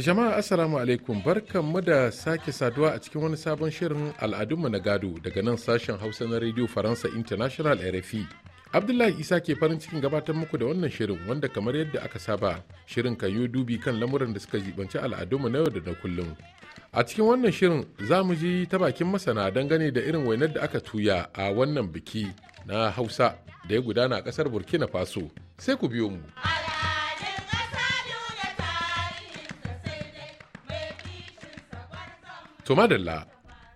Jama'a Assalamu alaikum mu da sake saduwa a cikin wani sabon shirin al'adunmu na gado daga nan sashen Hausa na Radio Faransa International RFI. Abdullahi Isa ke farin cikin gabatar muku da wannan shirin wanda kamar yadda aka saba shirin kan yi dubi kan lamuran da suka jibanci al'adunmu na yau da na kullum. A cikin wannan shirin za mu ji ta bakin masana dangane da irin wainar da aka tuya a wannan biki na Hausa da ya gudana a kasar Burkina Faso. Sai ku biyo mu. To madalla,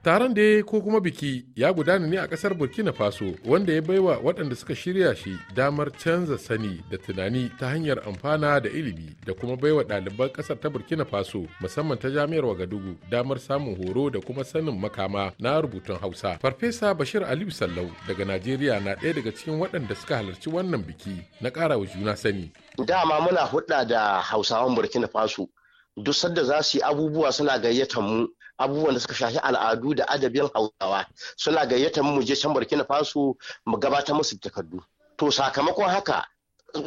taron da ko kuma biki ya gudana ne a kasar Burkina Faso wanda ya baiwa waɗanda suka shirya shi damar canza sani da tunani ta hanyar amfana da ilimi da kuma baiwa ɗaliban ƙasar ta Burkina Faso musamman ta jami'ar Wagadugu damar samun horo da kuma sanin makama na rubutun Hausa. Farfesa Bashir Aliyu Sallau daga Najeriya na ɗaya daga cikin waɗanda suka halarci wannan biki na ƙara wa juna sani. Dama muna hulɗa da Hausawan Burkina Faso duk sadda za su yi abubuwa suna gayyatar mu abubuwan da suka shafi al'adu da adabin hausawa suna gayyata mu je can burkina faso mu gabatar musu takardu to sakamakon haka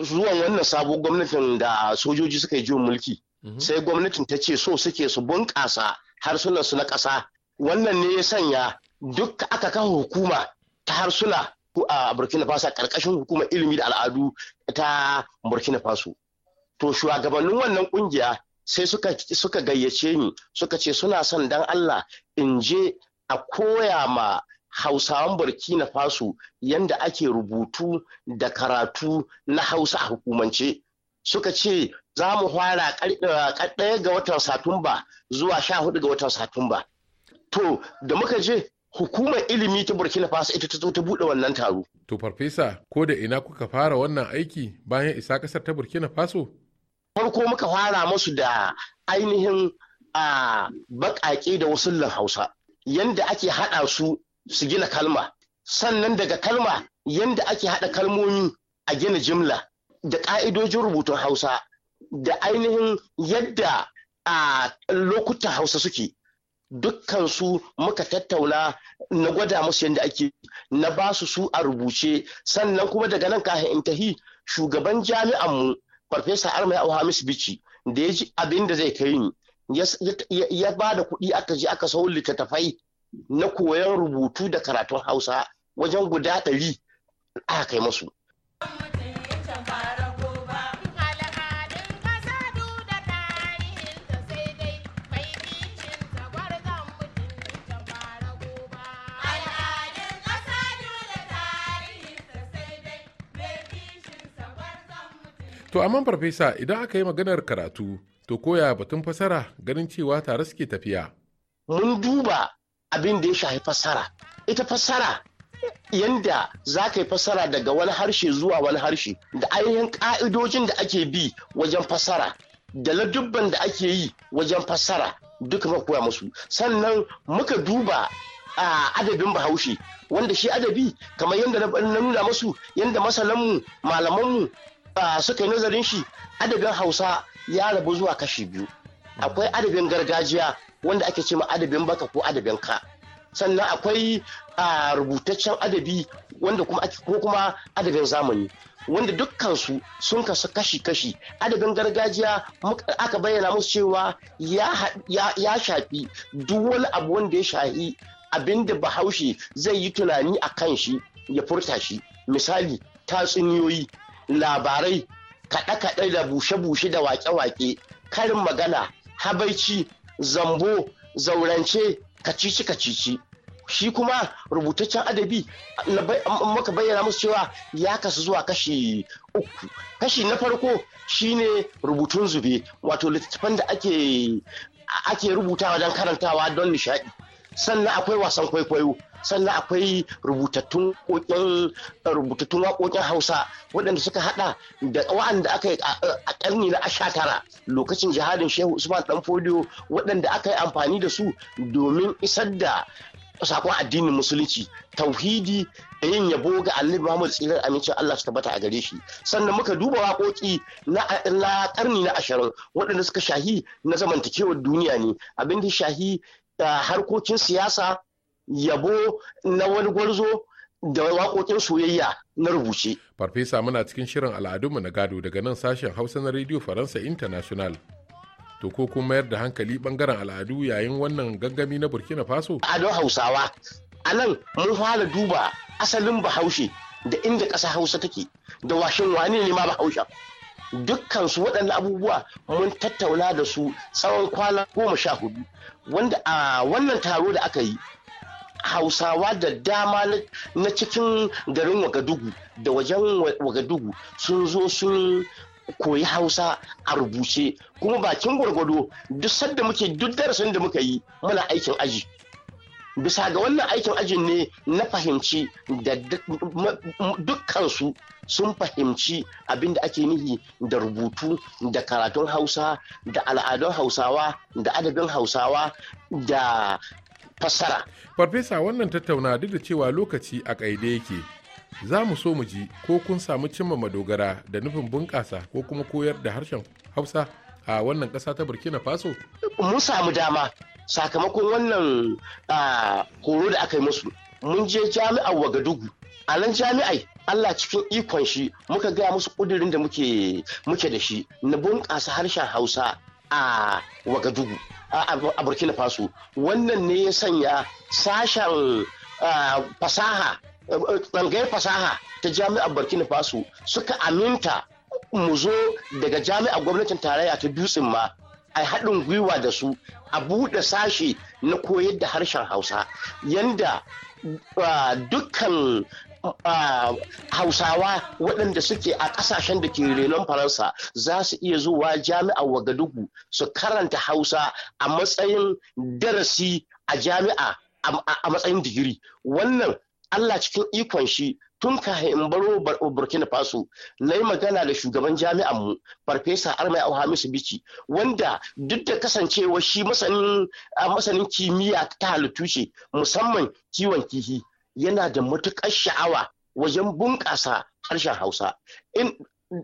zuwan wannan sabo gwamnatin da sojoji suka yi jin mulki mhm. sai gwamnatin ta ce so suke su bunƙasa su na ƙasa wannan ne ya sanya duk aka kan hukuma ta harsuna a burkina faso ƙarƙashin hukumar ilimi da al'adu ta burkina faso to shugabannin wannan ƙungiya sai suka, gayyace ni suka ce suna son dan Allah in je a koya ma hausawan burkina faso yadda ake rubutu da karatu na hausa a hukumance suka ce za mu fara eh, ɗaya ga watan satumba zuwa sha hudu ga watan satumba to da muka je hukumar ilimi ta burkina faso ita ta zo ta buɗe wannan taro to farfesa ko da ina kuka fara wannan aiki bayan isa ƙasar ta burkina faso farko muka fara musu da ainihin a baƙaƙe da wasullin hausa yadda ake haɗa su su gina kalma sannan daga kalma yadda ake haɗa kalmomi a gina jimla da ƙa'idojin rubutun hausa da ainihin yadda a lokutan hausa suke dukkansu muka tattauna na gwada musu yadda ake na basu su su a rubuce sannan kuma daga nan kahin intahi shugaban jami'anmu farfesa armai au hamis bici da ya ji abin da zai kai ni ya ba da kuɗi aka je aka sau littattafai na koyon rubutu da karatun hausa wajen guda ɗari aka kai masu To amma farfesa idan aka yi maganar karatu to koya batun fasara ganin cewa tare suke tafiya. Mun duba abin da ya shafi fasara. Ita fasara yanda za ka yi fasara daga wani harshe zuwa wani harshe da ainihin ƙa'idojin da ake bi wajen fasara da ladubban da ake yi wajen fasara duka muka koya musu sannan muka duba a adabin bahaushe wanda shi adabi kamar yadda na nuna musu yadda masalanmu malamanmu suka yi nazarin shi adabin hausa ya rabu zuwa kashi biyu akwai adabin gargajiya wanda ake ce ma adabin baka ko adabin ka sannan akwai rubutaccen adabi wanda kuma ko kuma adabin zamani wanda dukkansu sun kasu kashi-kashi adabin gargajiya aka bayyana musu cewa ya shafi duk wani abu wanda ya shafi abin da bahaushe zai yi tunani a kan shi ya furta shi misali tatsuniyoyi labarai kaɗe-kaɗe da bushe-bushe da wake-wake karin magana habaici zambo zaurance kacici-kacici shi kuma rubutaccen adabi muka bayyana musu cewa ya kasu zuwa kashi uku kashi na farko shine rubutun zube wato littattafan da ake ake rubutawa don karantawa don nishaɗi sannan akwai wasan kwaikwayo sannan akwai eh, rubutattun waƙoƙin hausa waɗanda suka haɗa da wa'anda aka yi a eh, ƙarni na asha tara lokacin jihadin shehu usman dan fodiyo waɗanda aka yi amfani da su domin isar da sakon addinin musulunci tauhidi da yin yabo ga Allah Muhammad tsirar amincin Allah su tabbata a gare shi sannan muka duba waƙoƙi na ƙarni na ashirin waɗanda suka shahi na zamantakewar duniya ne abin da shahi eh, harkokin siyasa yabo na wani gwarzo da waƙoƙin soyayya na rubuce. Farfesa muna cikin shirin al'adunmu na gado daga nan sashen Hausa na Radio Faransa International. to ko kun mayar da hankali bangaren al'adu yayin wannan gangami na burkina faso al'adun hausawa a nan mun fara duba asalin bahaushe da inda ƙasa hausa take da washin wane ne ma bahaushe dukkan su waɗannan abubuwa mun tattauna da su tsawon kwana goma sha hudu wanda a wannan taro da aka yi hausawa da dama na cikin garin wagadugu da wajen wagadugu sun zo sun koyi hausa a rubuce kuma bakin gwargwado duk sadda muke duk darasin da muka yi muna aikin aji bisa ga wannan aikin ajin ne na fahimci da dukkansu sun fahimci abinda ake nihi da rubutu da karatun hausa da al'adun hausawa da adabin hausawa da fassara. Farfesa wannan tattauna duk da cewa lokaci a ƙaide yake za mu so mu ji ko kun samu cimma madogara da nufin bunƙasa ko kuma koyar da harshen Hausa a wannan ƙasa ta Burkina Faso? Mun samu dama sakamakon wannan horo da aka yi musu. Mun je jami'ar Wagadugu. A nan jami'ai Allah cikin ikon shi muka gaya musu ƙudurin da muke da shi na bunƙasa harshen Hausa a wagadugu a burkina faso wannan ne ya sanya sashen fasaha tsangayar fasaha ta jami'ar burkina faso suka aminta mu zo daga jami'ar gwamnatin tarayya ta dutsen ma a haɗin gwiwa da su a buɗe sashe na koyar da harshen hausa yanda dukkan hausawa waɗanda suke a ƙasashen da ke renon faransa za su iya zuwa jami'ar wagadugu su karanta hausa a matsayin darasi a jami'a a matsayin digiri wannan allah cikin ikon shi tun ka in baro burkina faso na yi magana da shugaban jami'an mu farfesa armai hamisu bici wanda duk da kasancewa shi masanin kimiyya ta halittu ce musamman kiwon kihi yana da matuƙar sha'awa wajen bunƙasa harshen Hausa. In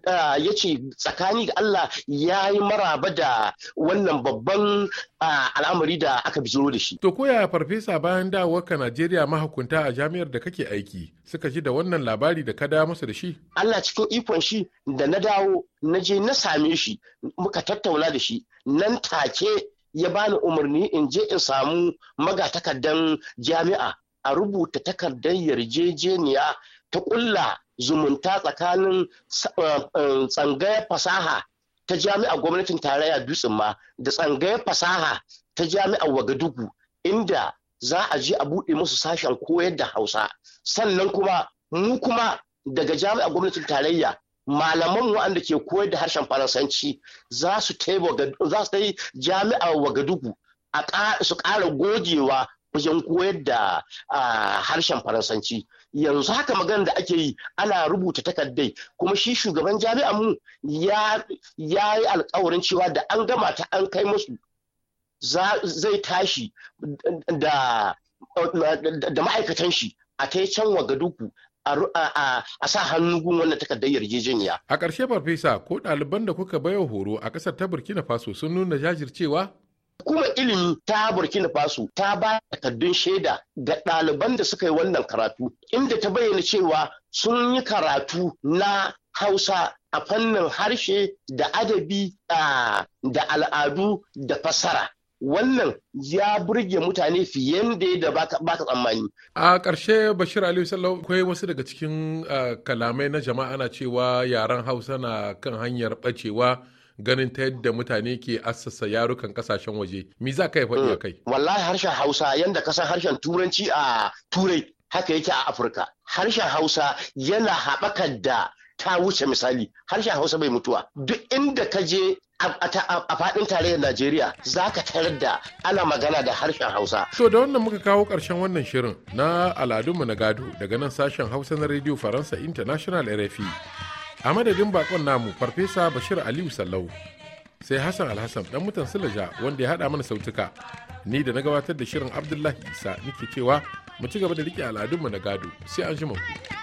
ya ce tsakani ga Allah ya yi maraba da wannan babban al'amari da aka bijiro da shi. To koya farfesa bayan dawowarka Najeriya mahukunta a jami'ar da kake aiki suka ji da wannan labari da ka dawo masa da shi? Allah cikin ikon shi da na dawo na je na same shi muka tattauna da shi nan take ya bani umarni in je in samu magatakardan jami'a a rubuta takardar yarjejeniya ta ƙulla zumunta tsakanin eh, eh, tsangayar fasaha ta jami'a gwamnatin tarayya dutsen ma da tsangayar fasaha ta jami'ar wagadugu inda za a je a buɗe musu sashen koyar da hausa sannan kuma mu kuma daga jami'ar gwamnatin tarayya malaman waɗanda ke koyar da harshen faransanci za su ta yi jami'ar wagadugu su ƙara gogewa wajen koyar da harshen faransanci yanzu haka magana da ake yi ana rubuta takardai kuma shi shugaban jami'an mu ya yi alkawarin cewa da an gama ta an kai musu zai tashi da ma'aikatan shi a ta can wagaduku a sa hannu gun wannan takardar yarjejeniya. A ƙarshe Farfesa ko ɗaliban da kuka baiwa horo a ƙasar ta Burkina Faso sun nuna jajircewa? Hukumar ilimi ta Burkina Faso ta ba takardun shaida ga ɗaliban da suka yi wannan karatu inda ta bayyana cewa sun yi karatu na Hausa a fannin harshe da adabi da al'adu da fasara. Wannan ya burge mutane fiye da yadda ba ka tsammani. A ƙarshe Bashir Aliyu Sallau akwai wasu daga cikin kalamai na jama'a na cewa yaren Hausa na kan hanyar ɓacewa. ganin ta yadda mutane ke assasa yarukan kasashen waje me za ka yi faɗi hmm. a kai wallahi harshen hausa yanda kasan harshen turanci a turai haka yake a afirka harshen hausa yana haɓaka da ta wuce misali harshen hausa bai mutuwa duk inda ka je a faɗin tarayyar Najeriya za ka tarar da ana magana da harshen Hausa. So, da wannan muka kawo ƙarshen wannan shirin na aladunmu na gado daga nan sashen Hausa na Radio Faransa International RFI. a madadin bakon namu farfesa bashir aliyu sallau sai hassan alhassan dan mutan silaja wanda ya hada mana sautuka ni da na gabatar da shirin abdullahi isa nike cewa mu ci gaba da rike al'adunmu na gado sai an ji ku.